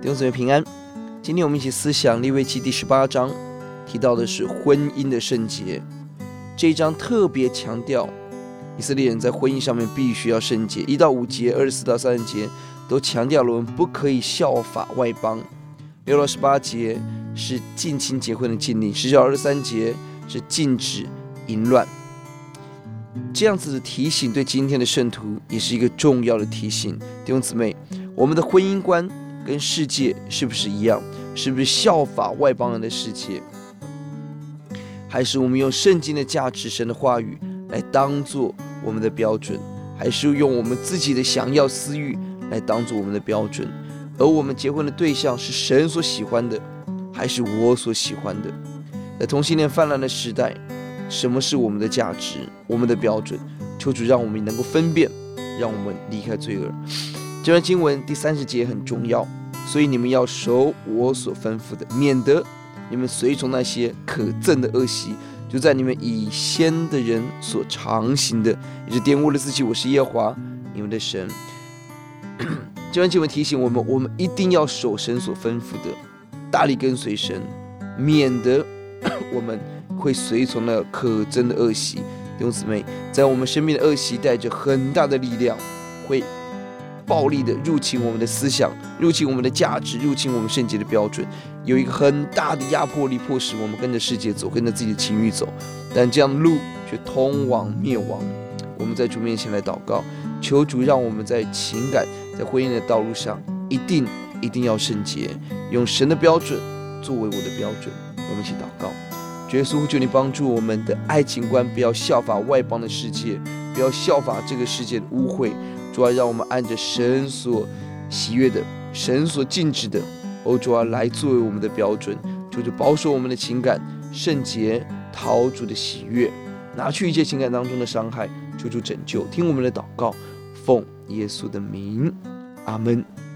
弟兄姊妹平安，今天我們一起思想利未記第十八章，提到的是婚姻的聖潔。這一章特別強調，以色列人在婚姻上面必須要聖潔。一到五節、二十四到三十節都強調了我們不可以效法外邦。六到十八節是近親結婚的禁令，十九到二十三節是禁止淫亂。這樣子的提醒，對今天的聖徒也是一個重要的提醒。弟兄姊妹，我們的婚姻觀。跟世界是不是一樣？是不是效法外邦人的世界？還是我們用聖經的價值、神的話語來當做我們的標準？還是用我們自己的想要私欲來當做我們的標準？而我們結婚的對象是神所喜歡的，還是我所喜歡的？在同性戀氾濫的時代，什麼是我們的價值、我們的標準？求主讓我們能夠分辨，讓我們離開罪惡。這篇經文第三十節很重要。所以你們要守我所吩咐的，免得你們隨從那些可憎的惡習，就在你們以先的人所常行的，以致玷污了自己。我是耶和華你們的神。這段經文提醒我們，我們一定要守神所吩咐的，大力跟隨神，免得我們會隨從那可憎的惡習。弟兄姊妹，在我們身邊的惡習帶着很大的力量，會。暴力的入侵我們的思想，入侵我們的價值，入侵我們聖潔的標準，有一個很大的壓迫力，迫使我們跟着世界走，跟着自己的情欲走。但這樣的路卻通往滅亡。我們在主面前來禱告，求主讓我們在情感、在婚姻的道路上，一定一定要聖潔，用神的標準作為我的標準。我們一起禱告，耶穌主，求你幫助我們的愛情觀，不要效法外邦的世界，不要效法這個世界的污穢。主啊，讓我們按着神所喜悅的、神所禁止的、歐、哦、主啊，來作為我們的標準。主就主保守我們的情感、聖潔，討主的喜悅，拿去一切情感當中的傷害。求主拯救，聽我們的禱告，奉耶穌的名，阿門。